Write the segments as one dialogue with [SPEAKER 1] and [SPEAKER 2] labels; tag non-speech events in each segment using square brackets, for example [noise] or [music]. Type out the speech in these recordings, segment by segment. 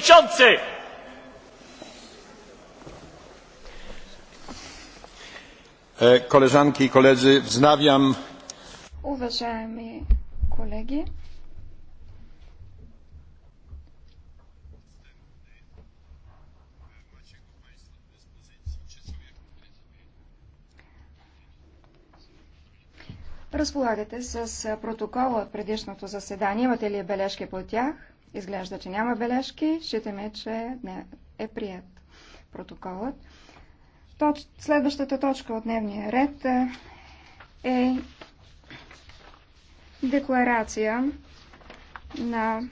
[SPEAKER 1] przewodniczący! E, koleżanki i koledzy, wznawiam.
[SPEAKER 2] Уважаеми колеги, разполагате с протокола от предишното заседание. Имате ли бележки по тях? Изглежда, че няма бележки. Считаме, че не е прият протоколът. Точ... Следващата точка от дневния ред е, е декларация на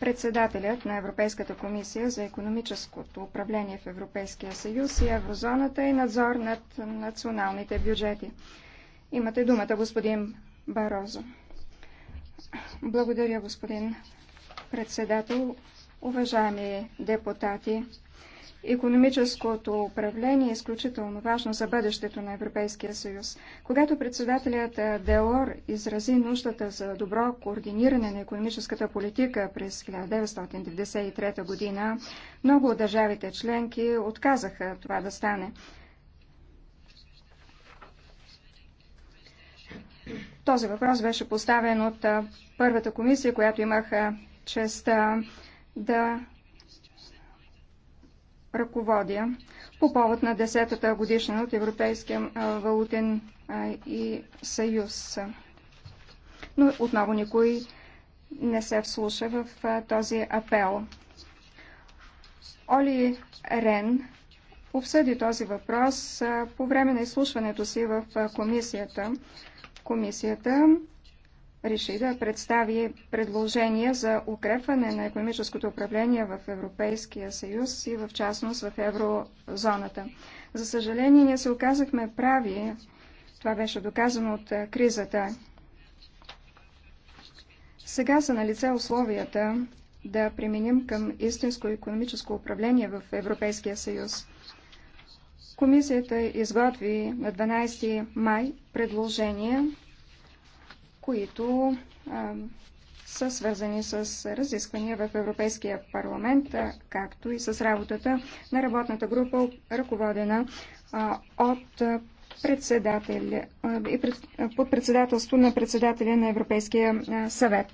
[SPEAKER 2] председателят на Европейската комисия за економическото управление в Европейския съюз и еврозоната и надзор над националните бюджети. Имате думата, господин Барозо. Благодаря, господин председател. Уважаеми депутати, економическото управление е изключително важно за бъдещето на Европейския съюз. Когато председателят Делор изрази нуждата за добро координиране на економическата политика през 1993 година, много от държавите членки отказаха това да стане. Този въпрос беше поставен от първата комисия, която имах честа да ръководя по повод на 10-та годишна от Европейския валутен и съюз. Но отново никой не се вслуша в този апел. Оли Рен обсъди този въпрос по време на изслушването си в комисията. Комисията реши да представи предложения за укрепване на економическото управление в Европейския съюз и в частност в еврозоната. За съжаление, ние се оказахме прави. Това беше доказано от кризата. Сега са на лице условията да применим към истинско економическо управление в Европейския съюз. Комисията изготви на 12 май предложения, които а, са свързани с разисквания в Европейския парламент, както и с работата на работната група, ръководена а, от а, и под председателство на председателя на Европейския съвет.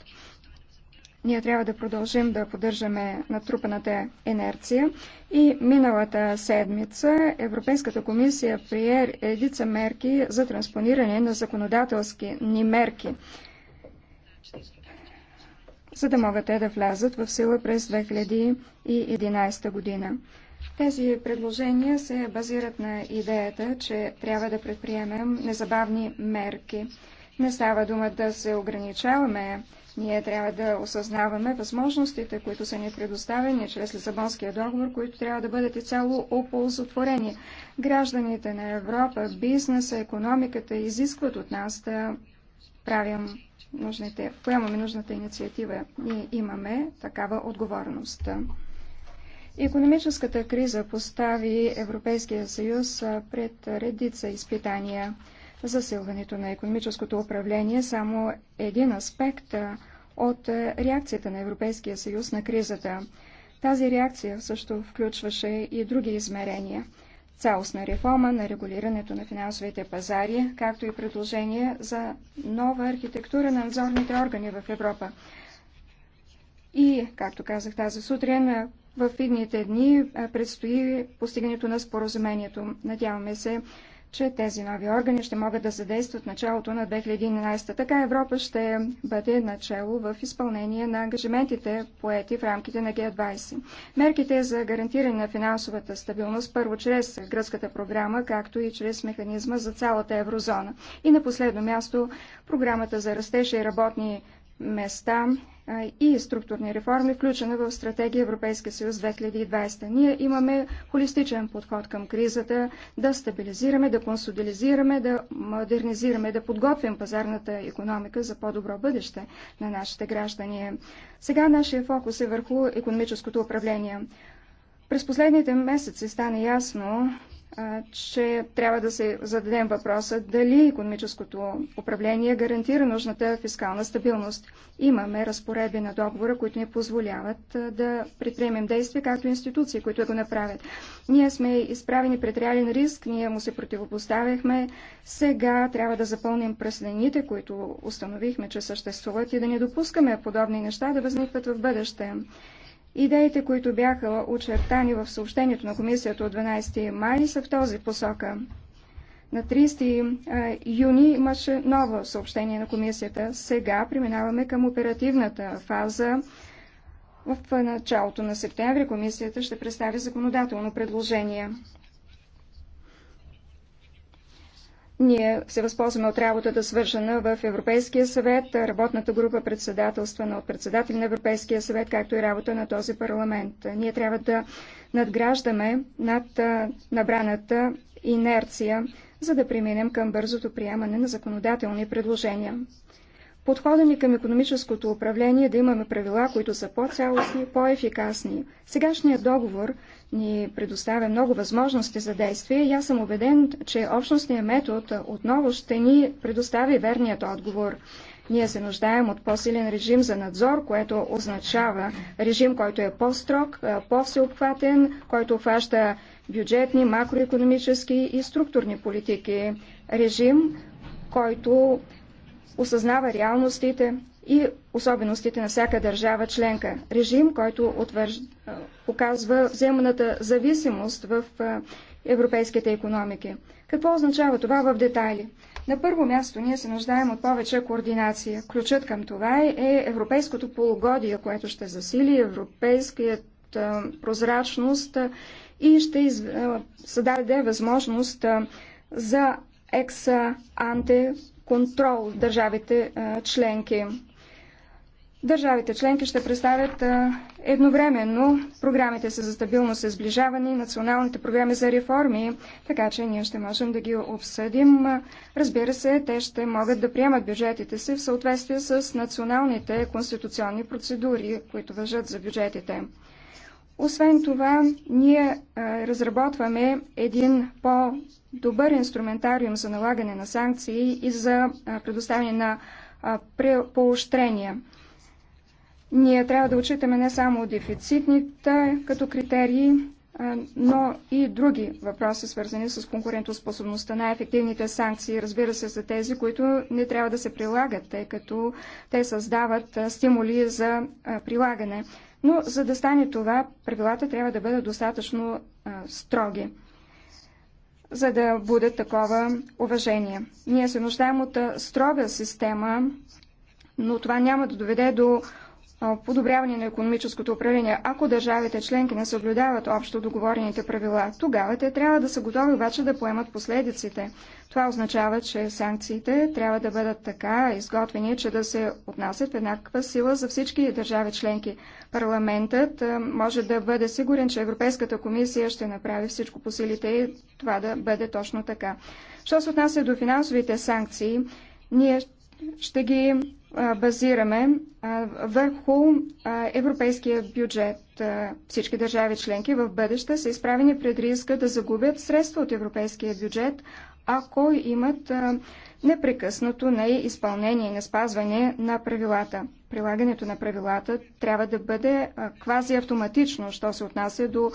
[SPEAKER 2] Ние трябва да продължим да поддържаме натрупаната енерция. И миналата седмица Европейската комисия прие редица мерки за транспониране на законодателски ни мерки, за да могат те да влязат в сила през 2011 година. Тези предложения се базират на идеята, че трябва да предприемем незабавни мерки. Не става дума да се ограничаваме ние трябва да осъзнаваме възможностите, които са ни предоставени чрез Лисабонския договор, които трябва да бъдат и цяло оползотворени. Гражданите на Европа, бизнеса, економиката изискват от нас да правим нужните, поемаме нужната инициатива. Ние имаме такава отговорност. Економическата криза постави Европейския съюз пред редица изпитания – засилването на економическото управление е само един аспект от реакцията на Европейския съюз на кризата. Тази реакция също включваше и други измерения цялостна реформа на регулирането на финансовите пазари, както и предложение за нова архитектура на надзорните органи в Европа. И, както казах тази сутрин, в идните дни предстои постигането на споразумението. Надяваме се, че тези нови органи ще могат да задействат началото на 2011. Така Европа ще бъде начало в изпълнение на ангажиментите поети в рамките на Г20. Мерките за гарантиране на финансовата стабилност първо чрез гръцката програма, както и чрез механизма за цялата еврозона. И на последно място програмата за растеж и работни места и структурни реформи, включена в стратегия Европейски съюз 2020. Ние имаме холистичен подход към кризата, да стабилизираме, да консолидизираме, да модернизираме, да подготвим пазарната економика за по-добро бъдеще на нашите граждани. Сега нашия фокус е върху економическото управление. През последните месеци стана ясно, че трябва да се зададем въпроса дали економическото управление гарантира нужната фискална стабилност. Имаме разпоредби на договора, които ни позволяват да предприемем действия, както институции, които го направят. Ние сме изправени пред реален риск, ние му се противопоставяхме. Сега трябва да запълним преслените, които установихме, че съществуват и да не допускаме подобни неща да възникват в бъдеще. Идеите, които бяха очертани в съобщението на комисията от 12 май, са в този посока. На 30 е, юни имаше ново съобщение на комисията. Сега преминаваме към оперативната фаза. В началото на септември комисията ще представи законодателно предложение. Ние се възползваме от работата, свършена в Европейския съвет, работната група председателствана от председател на Европейския съвет, както и работа на този парламент. Ние трябва да надграждаме над набраната инерция, за да преминем към бързото приемане на законодателни предложения. Подхода ни към економическото управление е да имаме правила, които са по-цялостни, по-ефикасни. Сегашният договор ни предоставя много възможности за действие и аз съм убеден, че общностният метод отново ще ни предостави верният отговор. Ние се нуждаем от по-силен режим за надзор, което означава режим, който е по-строг, по-всеобхватен, който обхваща бюджетни, макроекономически и структурни политики. Режим, който осъзнава реалностите, и особеностите на всяка държава членка. Режим, който отвърж... показва вземаната зависимост в европейските економики. Какво означава това в детайли? На първо място ние се нуждаем от повече координация. Ключът към това е европейското полугодие, което ще засили европейският прозрачност и ще из... създаде възможност за екса-анте контрол в държавите членки. Държавите членки ще представят едновременно програмите си за стабилност и сближаване и националните програми за реформи, така че ние ще можем да ги обсъдим. Разбира се, те ще могат да приемат бюджетите си в съответствие с националните конституционни процедури, които въжат за бюджетите. Освен това, ние разработваме един по-добър инструментариум за налагане на санкции и за предоставяне на поощрения. Ние трябва да отчитаме не само дефицитните като критерии, но и други въпроси, свързани с конкурентоспособността на ефективните санкции. Разбира се, за тези, които не трябва да се прилагат, тъй като те създават стимули за прилагане. Но за да стане това, правилата трябва да бъдат достатъчно строги за да бъдат такова уважение. Ние се нуждаем от строга система, но това няма да доведе до подобряване на економическото управление. Ако държавите членки не съблюдават общо договорените правила, тогава те трябва да са готови обаче да поемат последиците. Това означава, че санкциите трябва да бъдат така изготвени, че да се отнасят в еднаква сила за всички държави членки. Парламентът може да бъде сигурен, че Европейската комисия ще направи всичко по силите и това да бъде точно така. Що се отнася до финансовите санкции, ние ще ги базираме върху европейския бюджет. Всички държави членки в бъдеще са изправени пред риска да загубят средства от европейския бюджет, ако имат непрекъснато изпълнение и спазване на правилата. Прилагането на правилата трябва да бъде квази автоматично, що се отнася до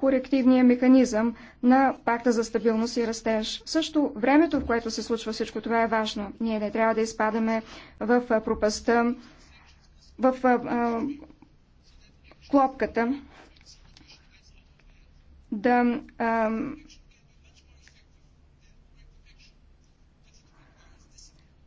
[SPEAKER 2] корективния механизъм на пакта за стабилност и растеж. Също времето, в което се случва всичко това е важно. Ние не трябва да изпадаме в пропаста, в клопката, да а,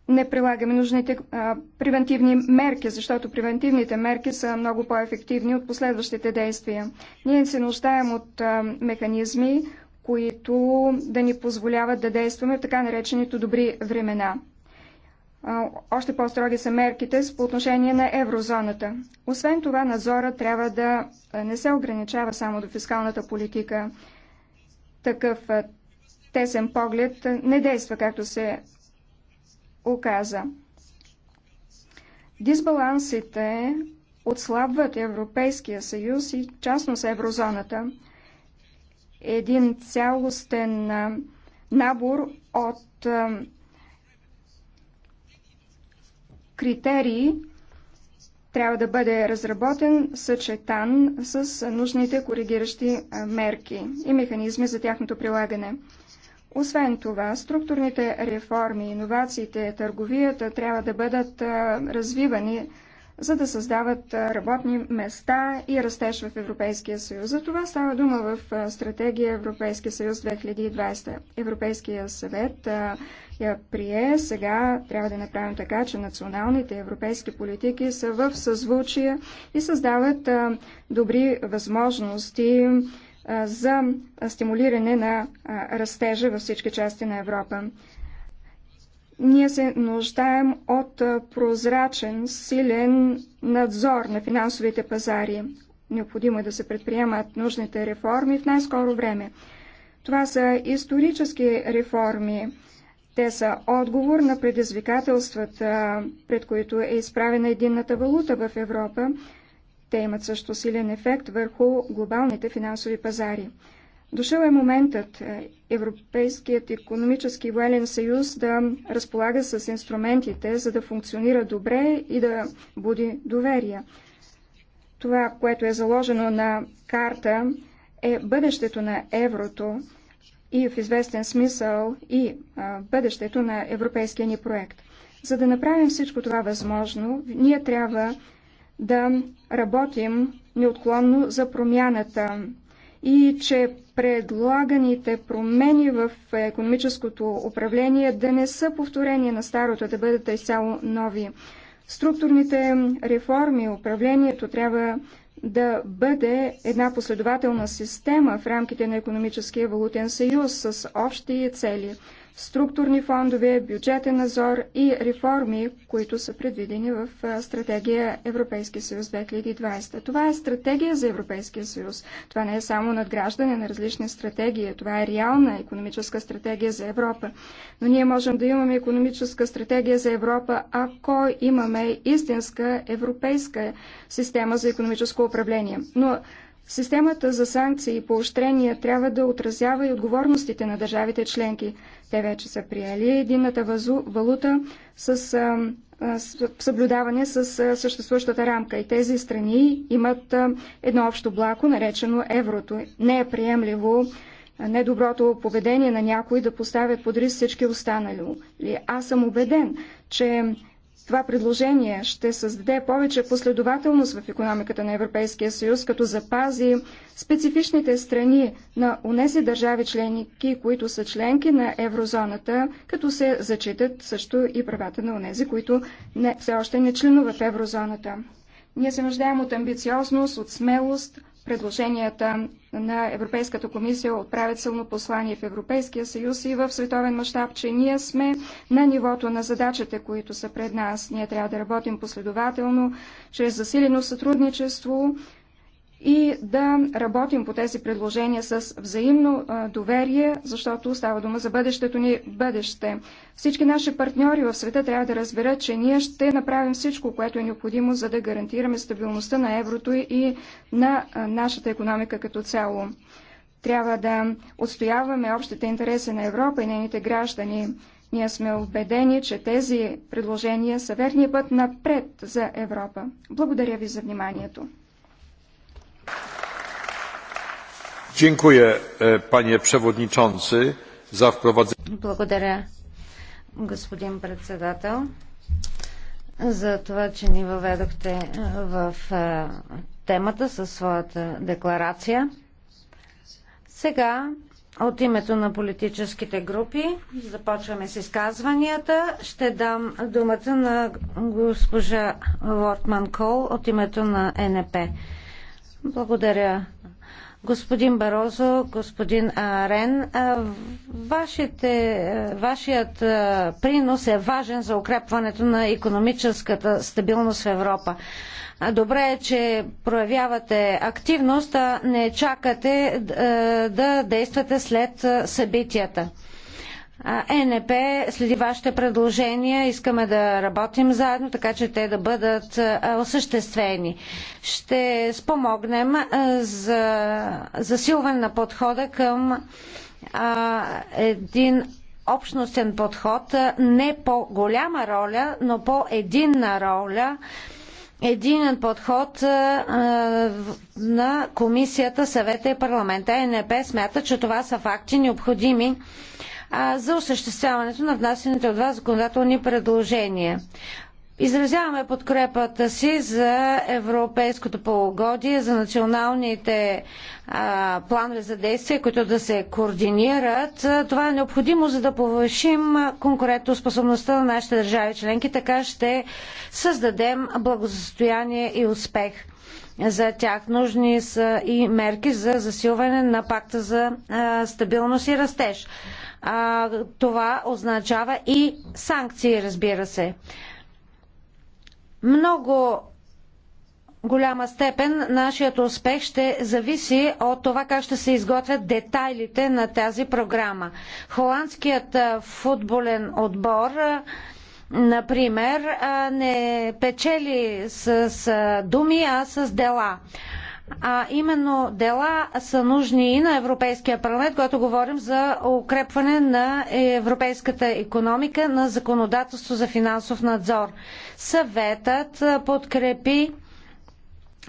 [SPEAKER 2] не прилагаме нужните а, превентивни мерки, защото превентивните мерки са много по-ефективни от последващите действия. Ние се нуждаем от а, механизми, които да ни позволяват да действаме в така наречените добри времена. А, още по-строги са мерките по отношение на еврозоната. Освен това, надзора трябва да не се ограничава само до фискалната политика. Такъв тесен поглед не действа както се оказа. Дисбалансите отслабват Европейския съюз и частно с еврозоната. Един цялостен набор от критерии трябва да бъде разработен, съчетан с нужните коригиращи мерки и механизми за тяхното прилагане. Освен това, структурните реформи, иновациите, търговията трябва да бъдат развивани, за да създават работни места и растеж в Европейския съюз. За това става дума в стратегия Европейския съюз 2020. Европейския съвет я прие. Сега трябва да направим така, че националните европейски политики са в съзвучие и създават добри възможности за стимулиране на растежа във всички части на Европа. Ние се нуждаем от прозрачен, силен надзор на финансовите пазари. Необходимо е да се предприемат нужните реформи в най-скоро време. Това са исторически реформи. Те са отговор на предизвикателствата, пред които е изправена единната валута в Европа, те имат също силен ефект върху глобалните финансови пазари. Дошъл е моментът е, Европейският економически военен съюз да разполага с инструментите, за да функционира добре и да буди доверие. Това, което е заложено на карта, е бъдещето на еврото и в известен смисъл и е, бъдещето на европейския ни проект. За да направим всичко това възможно, ние трябва да работим неотклонно за промяната и че предлаганите промени в економическото управление да не са повторени на старото, да бъдат изцяло нови. Структурните реформи, управлението трябва да бъде една последователна система в рамките на економическия валутен съюз с общи цели структурни фондове, бюджетен назор и реформи, които са предвидени в стратегия Европейския съюз 2020. Това е стратегия за Европейския съюз. Това не е само надграждане на различни стратегии. Това е реална економическа стратегия за Европа. Но ние можем да имаме економическа стратегия за Европа, ако имаме истинска европейска система за економическо управление. Но Системата за санкции и поощрения трябва да отразява и отговорностите на държавите членки. Те вече са приели единната вазу, валута с, а, с съблюдаване с а, съществуващата рамка. И тези страни имат а, едно общо блако, наречено еврото. Не е приемливо недоброто поведение на някой да поставят под риск всички останали. Аз съм убеден, че това предложение ще създаде повече последователност в економиката на Европейския съюз, като запази специфичните страни на унеси държави членики, които са членки на еврозоната, като се зачитат също и правата на унези, които не, все още не членуват в еврозоната. Ние се нуждаем от амбициозност, от смелост, Предложенията на Европейската комисия отправят силно послание в Европейския съюз и в световен мащаб, че ние сме на нивото на задачите, които са пред нас. Ние трябва да работим последователно, чрез засилено сътрудничество и да работим по тези предложения с взаимно доверие, защото става дума за бъдещето ни бъдеще. Всички наши партньори в света трябва да разберат, че ние ще направим всичко, което е необходимо, за да гарантираме стабилността на еврото и на нашата економика като цяло. Трябва да отстояваме общите интереси на Европа и нейните граждани. Ние сме убедени, че тези предложения са верния път напред за Европа. Благодаря ви за вниманието.
[SPEAKER 1] E,
[SPEAKER 3] Благодаря, господин председател, за това, че ни въведохте е, в е, темата със своята декларация. Сега от името на политическите групи започваме с изказванията. Ще дам думата на госпожа Лортман Кол от името на НП. Благодаря, господин Барозо, господин Арен. Вашите, вашият принос е важен за укрепването на економическата стабилност в Европа. Добре е, че проявявате активност, а не чакате да действате след събитията. ЕНП следи вашите предложения. Искаме да работим заедно, така че те да бъдат осъществени. Ще спомогнем за засилване на подхода към един общностен подход, не по-голяма роля, но по-единна роля единен подход на комисията, съвета и парламента. ЕНП смята, че това са факти необходими а, за осъществяването на внасените от вас законодателни предложения. Изразяваме подкрепата си за европейското полугодие, за националните а, планове за действие, които да се координират. Това е необходимо, за да повишим конкурентоспособността на нашите държави членки. Така ще създадем благосостояние и успех за тях. Нужни са и мерки за засилване на пакта за а, стабилност и растеж а, това означава и санкции, разбира се. Много голяма степен нашият успех ще зависи от това как ще се изготвят детайлите на тази програма. Холандският футболен отбор например, не печели с думи, а с дела. А именно дела са нужни и на Европейския парламент, когато говорим за укрепване на европейската економика на законодателство за финансов надзор. Съветът подкрепи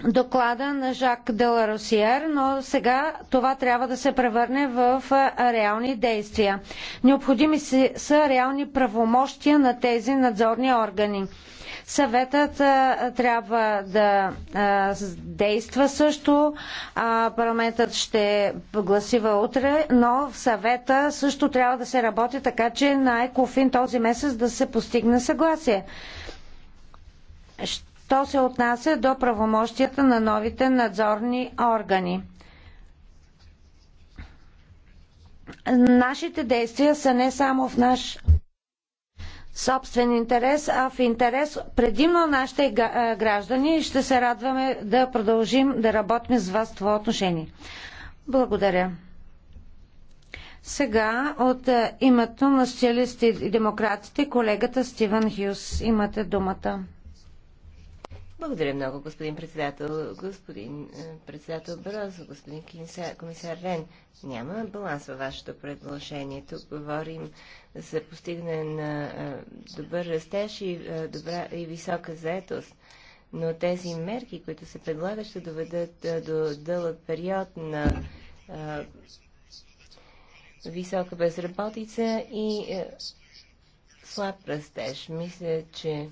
[SPEAKER 3] доклада на Жак Деларосиер, но сега това трябва да се превърне в реални действия. Необходими са реални правомощия на тези надзорни органи. Съветът трябва да действа също. Парламентът ще гласива утре, но в съвета също трябва да се работи така, че на Екофин този месец да се постигне съгласие. Що се отнася до правомощията на новите надзорни органи? Нашите действия са не само в наш собствен интерес, а в интерес предимно на нашите граждани и ще се радваме да продължим да работим с вас в това отношение. Благодаря. Сега от името на социалистите и демократите колегата Стивен Хюс. Имате думата.
[SPEAKER 1] Благодаря много, господин председател. Господин е, председател брос, господин комисар Рен, няма баланс във вашето предложение. Тук говорим за постигане на е, добър растеж и, е, добра, и висока заетост. Но тези мерки, които се предлагат, ще доведат до дълъг период на висока безработица и слаб растеж. Мисля, че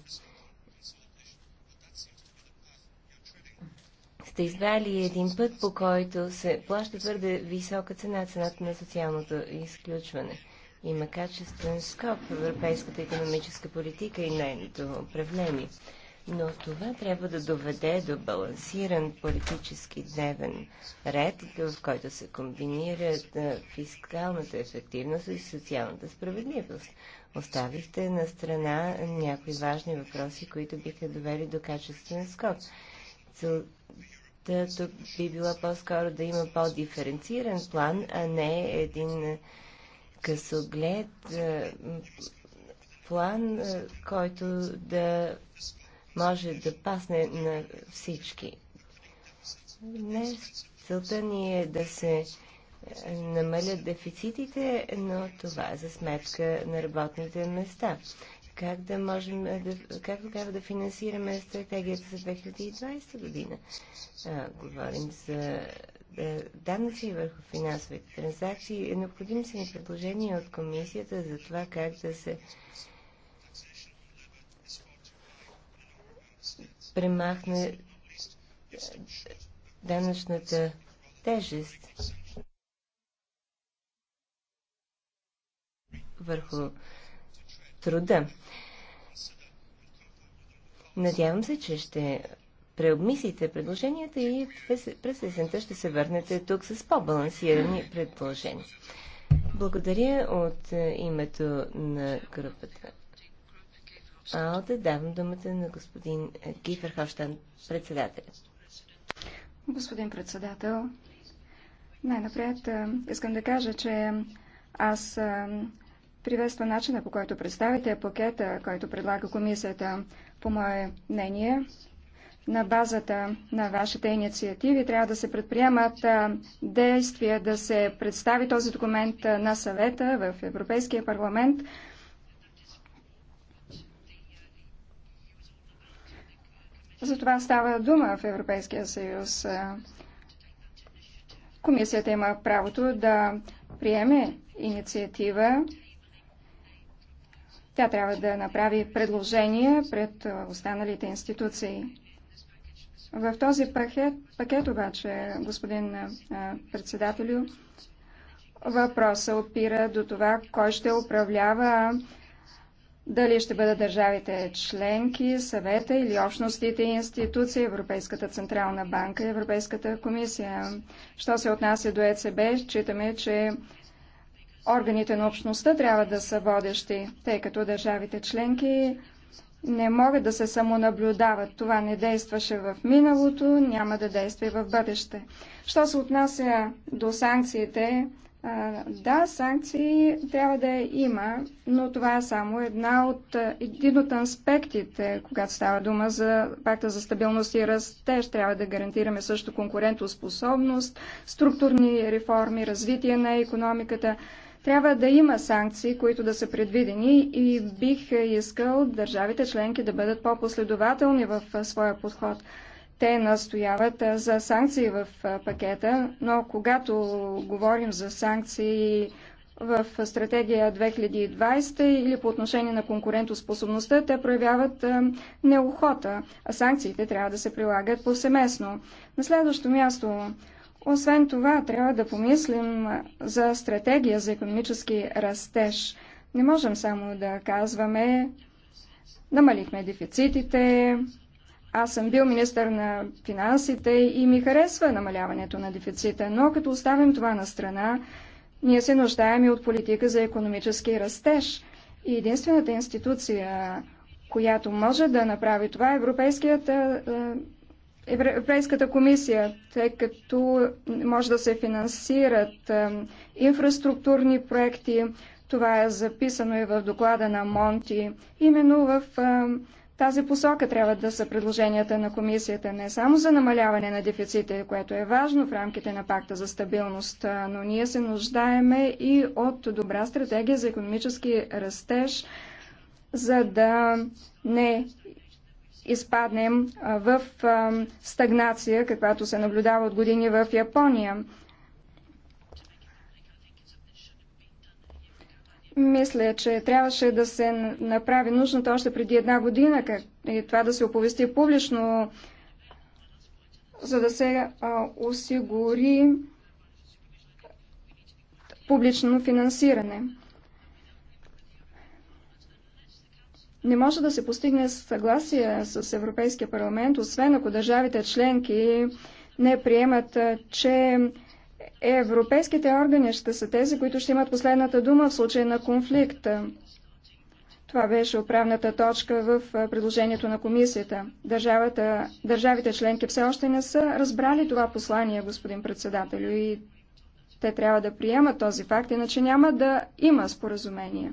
[SPEAKER 1] сте избрали един път, по който се плаща твърде висока цена, цената на социалното изключване. Има качествен скоп в европейската економическа политика и нейното управление. Но това трябва да доведе до балансиран политически дневен ред, в който се комбинират фискалната ефективност и социалната справедливост. Оставихте на страна някои важни въпроси, които биха довели до качествен скоп. Идеята тук би била по-скоро да има по-диференциран план, а не един късоглед план, който да може да пасне на всички. Днес целта ни е да се намалят дефицитите, но това е за сметка на работните места как да можем е, да, как тогава да финансираме стратегията за 2020 година. А, говорим за е, данъци върху финансовите транзакции. Необходим са ни предложения от комисията за това как да се премахне данъчната тежест върху труда. Надявам се, че ще преобмислите предложенията и през есента ще се върнете тук с по-балансирани предложения. Благодаря от е, името на групата. А да давам думата на господин Кифер Хофштан, председател.
[SPEAKER 2] Господин председател, най-напред е, искам да кажа, че аз е, Приветства начина по който представите пакета, който предлага комисията. По мое мнение, на базата на вашите инициативи трябва да се предприемат действия да се представи този документ на съвета в Европейския парламент. За това става дума в Европейския съюз. Комисията има правото да приеме инициатива тя трябва да направи предложение пред останалите институции. В този пакет, пакет обаче, господин председателю, въпроса опира до това, кой ще управлява, дали ще бъдат държавите членки, съвета или общностите и институции, Европейската Централна банка, Европейската комисия. Що се отнася до ЕЦБ, считаме, че органите на общността трябва да са водещи, тъй като държавите членки не могат да се самонаблюдават. Това не действаше в миналото, няма да действа и в бъдеще. Що се отнася до санкциите, да, санкции трябва да има, но това е само една от, един от аспектите, когато става дума за пакта за стабилност и растеж. Трябва да гарантираме също конкурентоспособност, структурни реформи, развитие на економиката. Трябва да има санкции, които да са предвидени и бих искал държавите членки да бъдат по-последователни в своя подход. Те настояват за санкции в пакета, но когато говорим за санкции в стратегия 2020 или по отношение на конкурентоспособността, те проявяват неохота, а санкциите трябва да се прилагат повсеместно. На следващо място освен това, трябва да помислим за стратегия за економически растеж. Не можем само да казваме, намалихме дефицитите, аз съм бил министър на финансите и ми харесва намаляването на дефицита, но като оставим това на страна, ние се нуждаем и от политика за економически растеж. И единствената институция, която може да направи това, е Европейският е, Европейската комисия, тъй като може да се финансират инфраструктурни проекти, това е записано и в доклада на Монти. Именно в тази посока трябва да са предложенията на комисията не само за намаляване на дефиците, което е важно в рамките на пакта за стабилност, е, но ние се нуждаеме и от добра стратегия за економически растеж, за да не изпаднем в стагнация, каквато се наблюдава от години в Япония. Мисля, че трябваше да се направи нужното още преди една година и това да се оповести публично, за да се осигури публично финансиране. Не може да се постигне съгласие с Европейския парламент, освен ако държавите членки не приемат, че европейските органи ще са тези, които ще имат последната дума в случай на конфликт. Това беше отправната точка в предложението на комисията. Държавата, държавите членки все още не са разбрали това послание, господин председател, и те трябва да приемат този факт, иначе няма да има споразумение.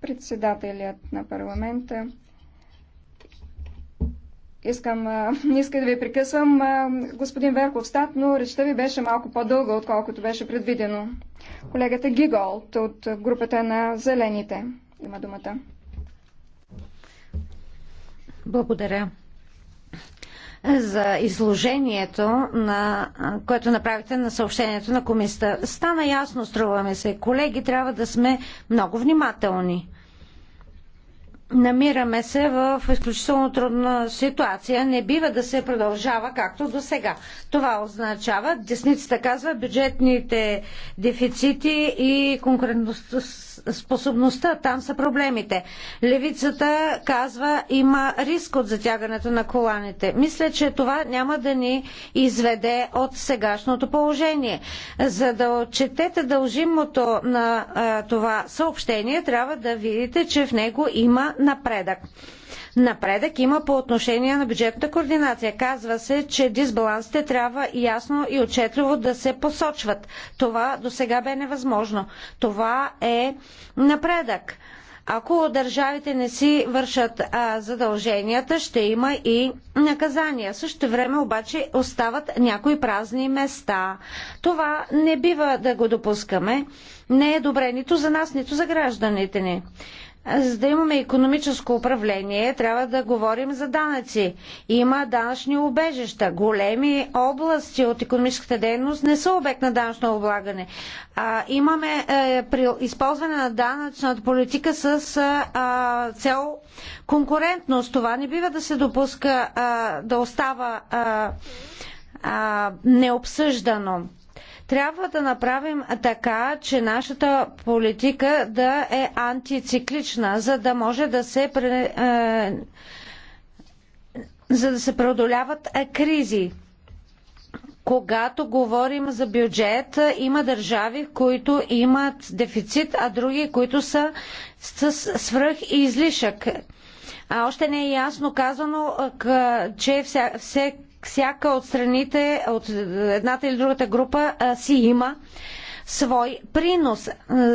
[SPEAKER 2] Председателят на парламента. Искам, не [laughs] иска да ви прекъсвам, господин Стат, но речта ви беше малко по-дълга, отколкото беше предвидено. Колегата Гиголт от групата на Зелените има думата. Благодаря за изложението, на,
[SPEAKER 3] което направихте на съобщението на комисията. Стана ясно, струваме се. Колеги, трябва да сме много внимателни. Намираме се в изключително трудна ситуация. Не бива да се продължава както до сега. Това означава, десницата казва, бюджетните дефицити и конкурентността способността, там са проблемите. Левицата казва, има риск от затягането на коланите. Мисля, че това няма да ни изведе от сегашното положение. За да отчетете дължимото на а, това съобщение, трябва да видите, че в него има напредък. Напредък има по отношение на бюджетната координация. Казва се, че дисбалансите трябва ясно и отчетливо да се посочват. Това до сега бе невъзможно. Това е напредък. Ако държавите не си вършат а, задълженията, ще има и наказания. В време обаче остават някои празни места. Това не бива да го допускаме. Не е добре нито за нас, нито за гражданите ни за да имаме економическо управление, трябва да говорим за данъци. Има данъчни убежища. Големи области от економическата дейност не са обект на данъчно облагане. А, имаме а, е, при използване на данъчната политика с а, цел конкурентност. Това не бива да се допуска а, да остава а, а, необсъждано. Трябва да направим така, че нашата политика да е антициклична, за да може да се е, за да се преодоляват е, кризи. Когато говорим за бюджет, има държави, които имат дефицит, а други, които са с свръх и излишък. А още не е ясно казано, че всеки всяка от страните, от едната или другата група си има свой принос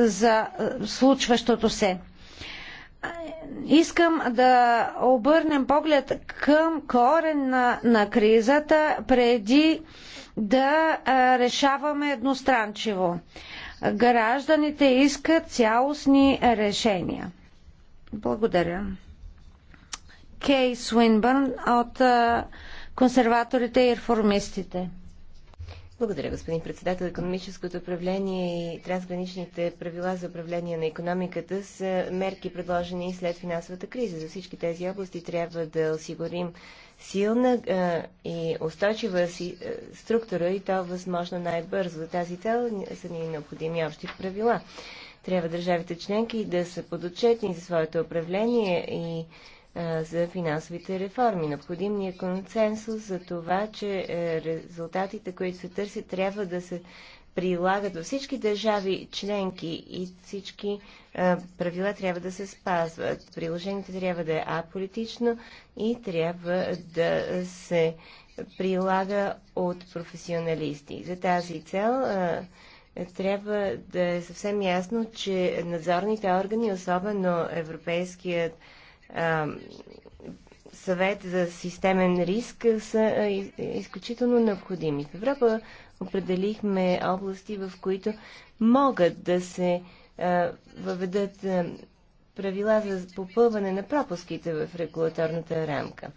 [SPEAKER 3] за случващото се. Искам да обърнем поглед към корена на кризата преди да решаваме едностранчиво. Гражданите искат цялостни решения. Благодаря. Кей Свинбърн от консерваторите и реформистите.
[SPEAKER 1] Благодаря, господин председател. Економическото управление и трансграничните правила за управление на економиката са мерки предложени след финансовата криза. За всички тези области трябва да осигурим силна а, и устойчива си, а, структура и то възможно най-бързо. За тази цел са ни необходими общи правила. Трябва държавите членки да са подотчетни за своето управление и за финансовите реформи. Необходим е консенсус за това, че е, резултатите, които се търсят, трябва да се прилагат във всички държави членки и всички е, правила трябва да се спазват. Приложението трябва да е аполитично и трябва да се прилага от професионалисти. За тази цел е, трябва да е съвсем ясно, че надзорните органи, особено Европейският съвет за системен риск са изключително необходими. В Европа определихме области, в които могат да се въведат правила за попълване на пропуските в регулаторната рамка.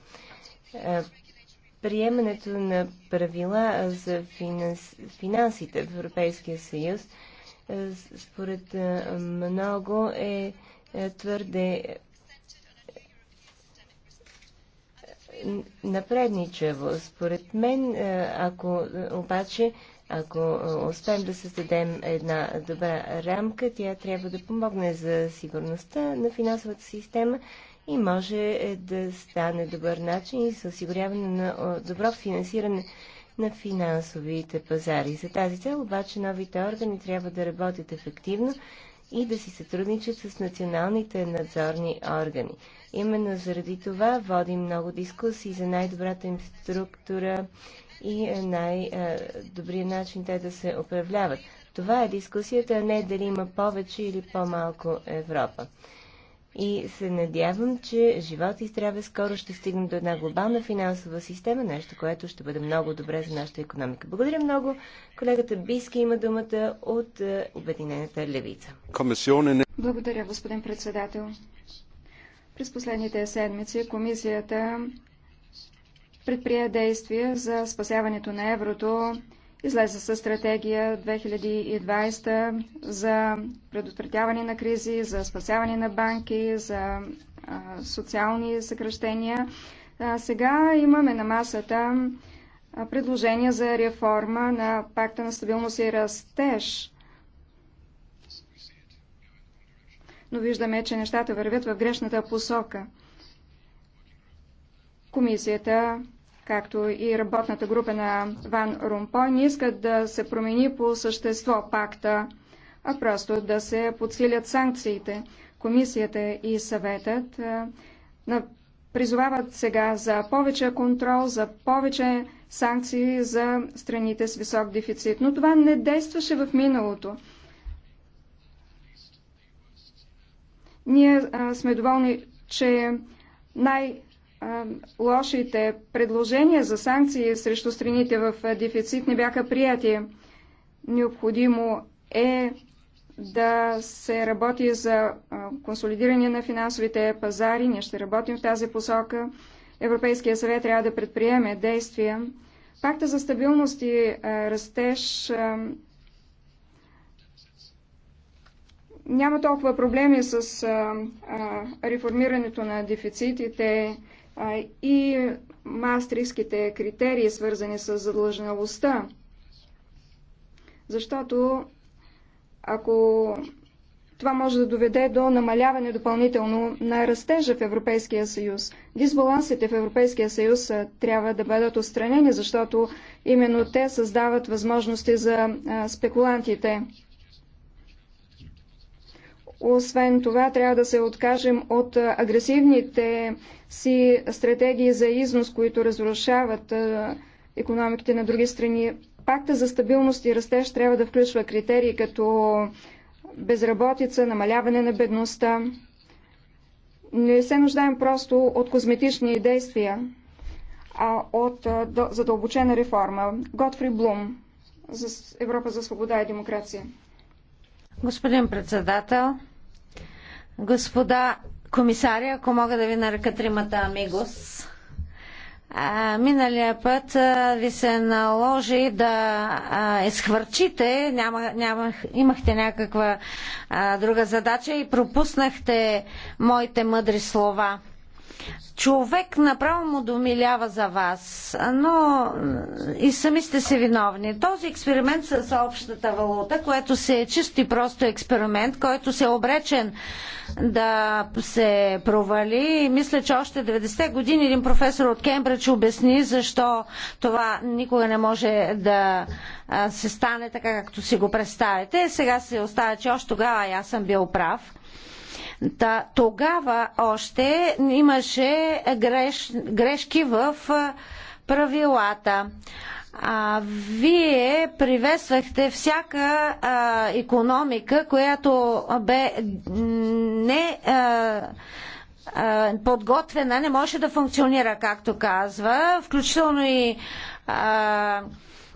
[SPEAKER 1] приемането на правила за финансите в Европейския съюз според много е твърде напредничаво. Според мен, е, ако обаче, ако успеем да създадем една добра рамка, тя трябва да помогне за сигурността на финансовата система и може е, да стане добър начин за осигуряване на добро финансиране на финансовите пазари. За тази цел обаче новите органи трябва да работят ефективно и да си сътрудничат с националните надзорни органи. Именно заради това водим много дискусии за най-добрата им структура и е, най-добрия е, начин те да се управляват. Това е дискусията, а не дали има повече или по-малко Европа. И се надявам, че живот и здраве скоро ще стигнем до една глобална финансова система, нещо, което ще бъде много добре за нашата економика.
[SPEAKER 2] Благодаря много. Колегата Биски има думата от е, Обединената левица. Благодаря, господин председател. През последните седмици комисията предприе действия за спасяването на еврото, излезе със стратегия 2020 за предотвратяване на кризи, за спасяване на банки, за социални съкръщения. сега имаме на масата предложения за реформа на пакта на стабилност и растеж. но виждаме, че нещата вървят в грешната посока. Комисията, както и работната група на Ван Румпой, не искат да се промени по същество пакта, а просто да се подсилят санкциите. Комисията и съветът призовават сега за повече контрол, за повече санкции за страните с висок дефицит. Но това не действаше в миналото. Ние а, сме доволни, че най-лошите предложения за санкции срещу страните в дефицит не бяха прияти. Необходимо е да се работи за консолидиране на финансовите пазари. Ние ще работим в тази посока. Европейския съвет трябва да предприеме действия. Пакта за стабилност и растеж няма толкова проблеми с а, а, реформирането на дефицитите а, и мастриските критерии, свързани с задлъжналостта. Защото ако това може да доведе до намаляване допълнително на растежа в Европейския съюз. Дисбалансите в Европейския съюз трябва да бъдат отстранени, защото именно те създават възможности за спекулантите. Освен това, трябва да се откажем от агресивните си стратегии за износ, които разрушават економиките на други страни. Пакта за стабилност и растеж трябва да включва критерии като безработица, намаляване на бедността. Не се нуждаем просто от козметични действия, а от задълбочена реформа. Готфри Блум за Европа за свобода и демокрация.
[SPEAKER 3] Господин председател, господа комисари, ако мога да ви нарека тримата амигос. миналия път ви се наложи да изхвърчите, няма, няма, имахте някаква друга задача и пропуснахте моите мъдри слова човек направо му домилява за вас, но и сами сте си виновни. Този експеримент с общата валута, което се е чист и просто експеримент, който се е обречен да се провали. Мисля, че още 90-те години един професор от Кембридж обясни защо това никога не може да се стане така, както си го представите. Сега се оставя, че още тогава аз съм бил прав. Та, тогава още имаше греш, грешки в правилата. А, вие приветствахте всяка а, економика, която бе не а, а, подготвена, не може да функционира, както казва, включително и а,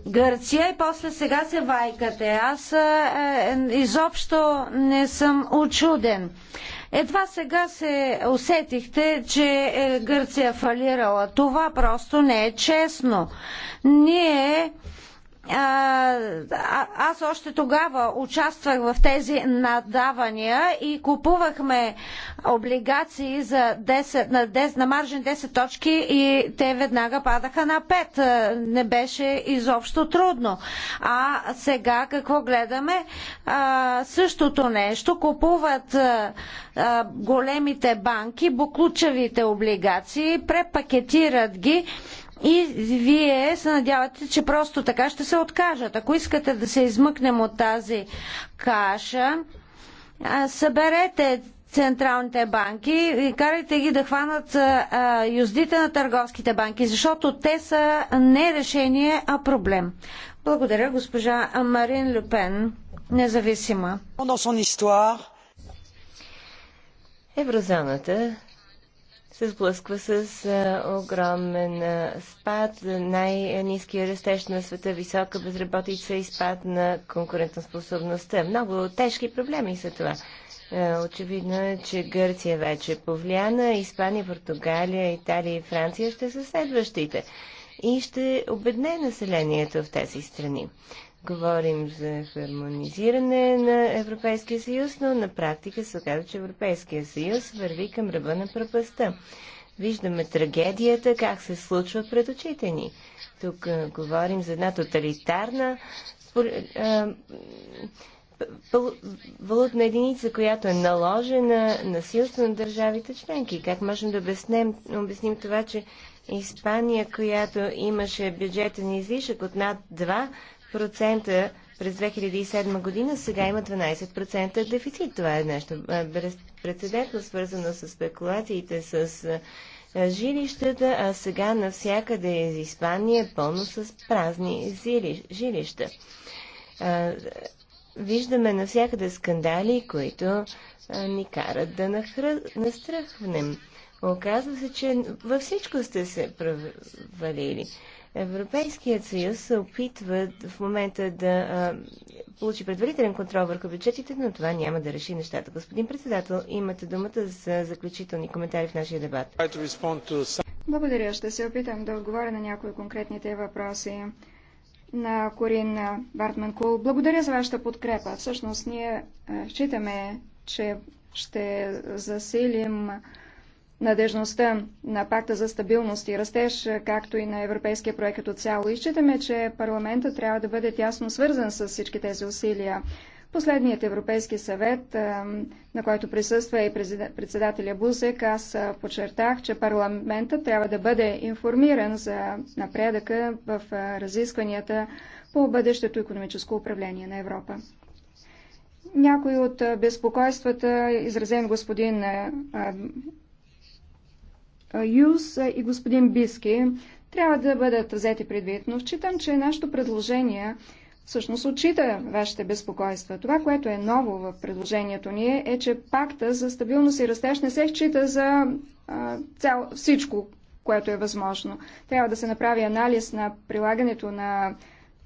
[SPEAKER 3] Гърция и после сега се вайкате. Аз е, е изобщо не съм очуден. Едва сега се усетихте, че е, Гърция фалирала. Това просто не е честно. Ние аз още тогава участвах в тези надавания и купувахме облигации за 10, на, 10, на маржин 10 точки и те веднага падаха на 5. Е, не беше изобщо трудно. А сега какво гледаме? А, същото нещо. Купуват а, е, а, е, големите банки, буклучавите облигации, препакетират ги и вие се надявате, че просто така ще се откажат. Ако искате да се измъкнем от тази каша, съберете централните банки и карайте ги да хванат а, юздите на търговските банки, защото те са не решение, а проблем. Благодаря, госпожа Марин Люпен, независима. Еврозаната
[SPEAKER 1] се сблъсква с огромен спад, най-низкия растеж на света, висока безработица и спад на конкурентоспособността. Много тежки проблеми са това. очевидно е, че Гърция вече е повлияна, Испания, Португалия, Италия и Франция ще са следващите и ще обедне населението в тези страни. Говорим за хармонизиране на Европейския съюз, но на практика се оказва, че Европейския съюз върви към ръба на пропаста. Виждаме трагедията, как се случва пред очите ни. Тук а, говорим за една тоталитарна валутна единица, която е наложена насилство на държавите членки. Как можем да обясним, обясним това, че Испания, която имаше бюджетен излишък от над 12% през 2007 година, сега има 12% дефицит. Това е нещо безпредседентно, свързано с спекулациите с жилищата, а сега навсякъде из Испания е пълно с празни жилища. Виждаме навсякъде скандали, които ни карат да нахр... настръхнем. Оказва се, че във всичко сте се провалили. Европейският съюз се опитва в момента да а, получи предварителен контрол върху бюджетите, но това няма да реши нещата. Господин председател, имате думата за заключителни коментари в нашия дебат.
[SPEAKER 2] Благодаря. Ще се опитам да отговоря на някои конкретните въпроси на Корин Бартман Кул. Благодаря за вашата подкрепа. Всъщност ние считаме, че ще засилим надежността на пакта за стабилност и растеж, както и на европейския проект като цяло. И считаме, че парламента трябва да бъде тясно свързан с всички тези усилия. Последният Европейски съвет, на който присъства и председателя Бузек, аз подчертах, че парламентът трябва да бъде информиран за напредъка в разискванията по бъдещето економическо управление на Европа. Някои от безпокойствата, изразен господин Юс и господин Биски трябва да бъдат взети предвид, но считам, че нашето предложение всъщност отчита вашите безпокойства. Това, което е ново в предложението ни е, е че пакта за стабилност и растеж не се счита за а, цял, всичко, което е възможно. Трябва да се направи анализ на прилагането на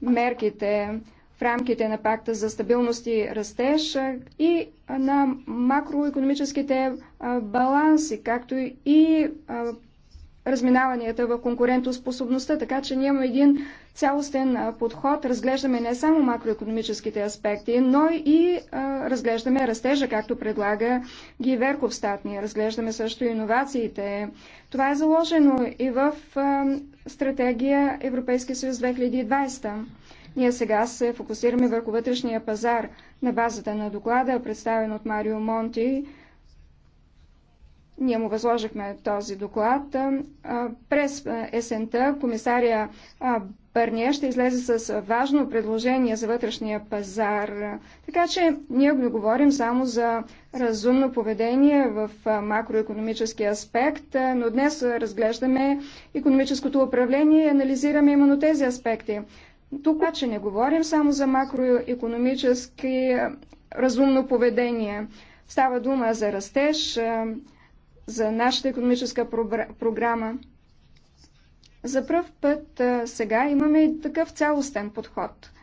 [SPEAKER 2] мерките, в рамките на пакта за стабилност и растеж и на макроекономическите баланси, както и разминаванията в конкурентоспособността, така че ние имаме един цялостен подход, разглеждаме не само макроекономическите аспекти, но и разглеждаме растежа, както предлага Гиверков Верховстат. разглеждаме също иновациите. Това е заложено и в стратегия Европейски съюз 2020. Ние сега се фокусираме върху вътрешния пазар. На базата на доклада, представен от Марио Монти, ние му възложихме този доклад. През есента комисария Бърния ще излезе с важно предложение за вътрешния пазар. Така че ние не говорим само за разумно поведение в макроекономически аспект, но днес разглеждаме економическото управление и анализираме именно тези аспекти. Тук че не говорим само за макроекономически е, разумно поведение. Става дума за растеж, е, за нашата економическа програма. За пръв път е, сега имаме и такъв цялостен подход –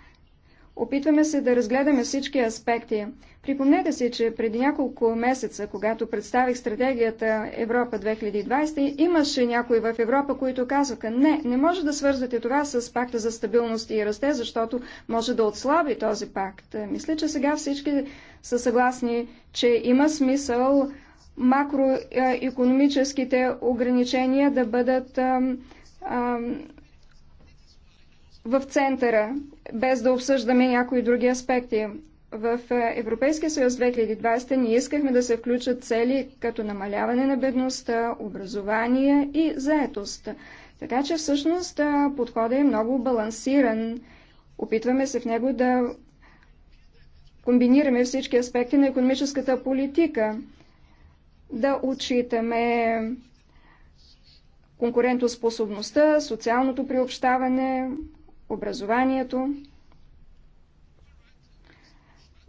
[SPEAKER 2] Опитваме се да разгледаме всички аспекти. Припомнете си, че преди няколко месеца, когато представих стратегията Европа 2020, имаше някои в Европа, които казаха, не, не може да свързвате това с пакта за стабилност и расте, защото може да отслаби този пакт. Мисля, че сега всички са съгласни, че има смисъл макроекономическите ограничения да бъдат ам, ам, в центъра, без да обсъждаме някои други аспекти. В е, Европейския съюз 2020 ние искахме да се включат цели като намаляване на бедността, образование и заетост. Така че всъщност е, подходът е много балансиран. Опитваме се в него да комбинираме всички аспекти на економическата политика, да отчитаме конкурентоспособността, социалното приобщаване, образованието.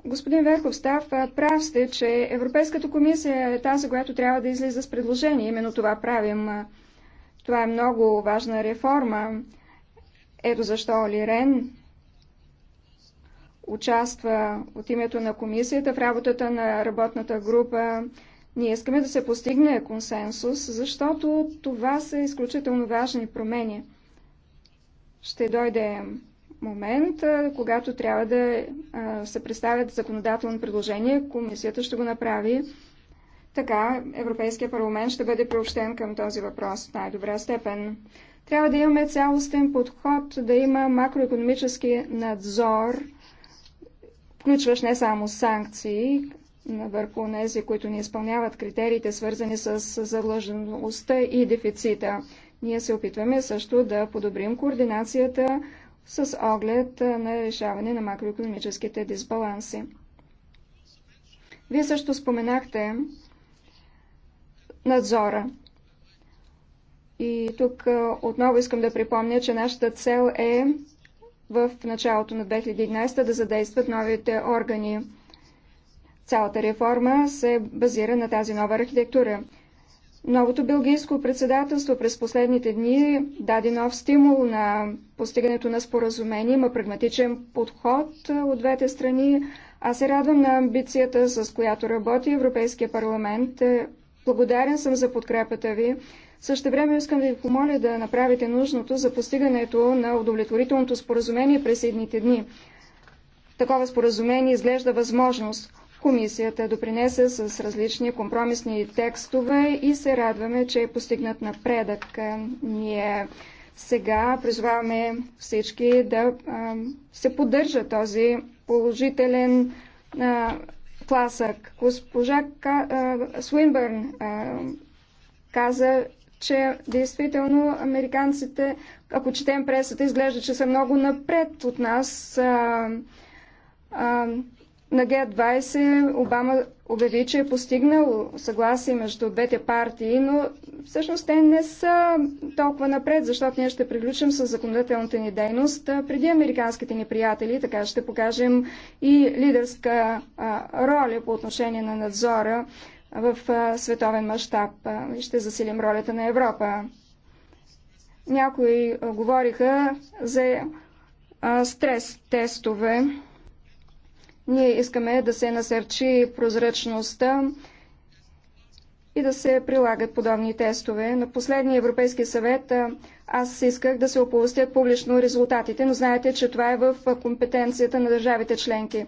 [SPEAKER 2] Господин Верхов Став, прав сте, че Европейската комисия е тази, която трябва да излиза с предложение. Именно това правим. Това е много важна реформа. Ето защо Оли Рен участва от името на комисията в работата на работната група. Ние искаме да се постигне консенсус, защото това са изключително важни промени ще дойде момент, когато трябва да се представят законодателно предложение, комисията ще го направи. Така Европейския парламент ще бъде приобщен към този въпрос в най-добра степен. Трябва да имаме цялостен подход, да има макроекономически надзор, включващ не само санкции върху тези, които не изпълняват критериите, свързани с задлъжността и дефицита. Ние се опитваме също да подобрим координацията с оглед на решаване на макроекономическите дисбаланси. Вие също споменахте надзора. И тук отново искам да припомня, че нашата цел е в началото на 2011 да задействат новите органи. Цялата реформа се базира на тази нова архитектура. Новото белгийско председателство през последните дни даде нов стимул на постигането на споразумение. Има прагматичен подход от двете страни. Аз се радвам на амбицията, с която работи Европейския парламент. Е, благодарен съм за подкрепата ви. Също време искам да ви помоля да направите нужното за постигането на удовлетворителното споразумение през едните дни. Такова споразумение изглежда възможност. Комисията допринесе с различни компромисни текстове и се радваме, че е постигнат напредък. Ние сега призваваме всички да се поддържа този положителен класък. Госпожа Свинбърн каза, че действително американците, ако четем пресата, изглежда, че са много напред от нас. А, а, на Г-20 Обама обяви, че е постигнал съгласие между двете партии, но всъщност те не са толкова напред, защото ние ще приключим с законодателната ни дейност преди американските ни приятели, така ще покажем и лидерска роля по отношение на надзора в световен мащаб и ще засилим ролята на Европа. Някои говориха за стрес тестове ние искаме да се насърчи прозрачността и да се прилагат подобни тестове. На последния Европейски съвет аз исках да се оповестят публично резултатите, но знаете, че това е в компетенцията на държавите членки.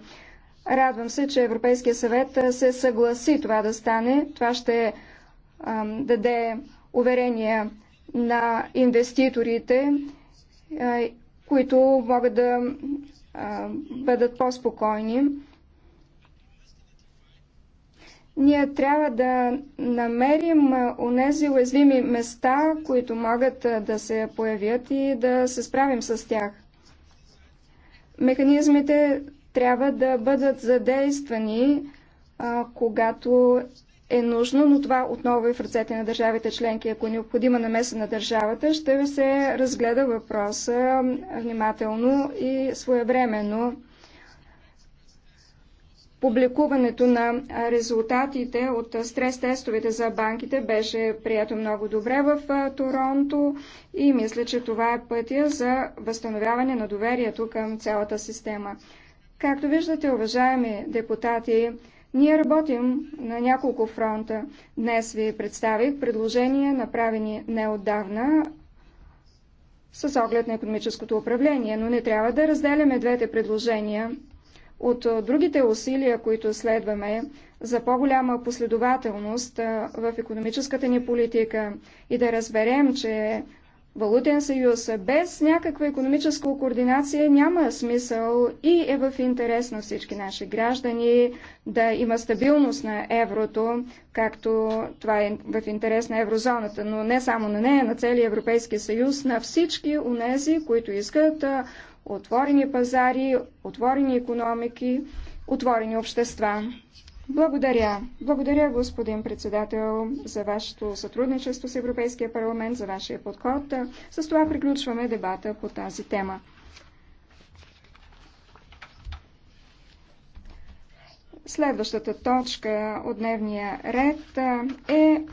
[SPEAKER 2] Радвам се, че Европейския съвет се съгласи това да стане. Това ще ам, даде уверение на инвеститорите, а, които могат да бъдат по-спокойни. Ние трябва да намерим онези уязвими места, които могат да се появят и да се справим с тях. Механизмите трябва да бъдат задействани, когато е нужно, но това отново е в ръцете на държавите членки. Ако е необходима намеса на държавата, ще се разгледа въпроса внимателно и своевременно. Публикуването на резултатите от стрес-тестовете за банките беше прието много добре в Торонто и мисля, че това е пътя за възстановяване на доверието към цялата система. Както виждате, уважаеми депутати, ние работим на няколко фронта. Днес ви представих предложения, направени неотдавна с оглед на економическото управление, но не трябва да разделяме двете предложения от другите усилия, които следваме за по-голяма последователност в економическата ни политика и да разберем, че валутен съюз без някаква економическа координация няма смисъл и е в интерес на всички наши граждани да има стабилност на еврото, както това е в интерес на еврозоната, но не само на нея, на целия Европейски съюз, на всички унези, които искат отворени пазари, отворени економики, отворени общества. Благодаря. Благодаря, господин председател, за вашето сътрудничество с Европейския парламент, за вашия подход. С това приключваме дебата по тази тема. Следващата точка от дневния ред е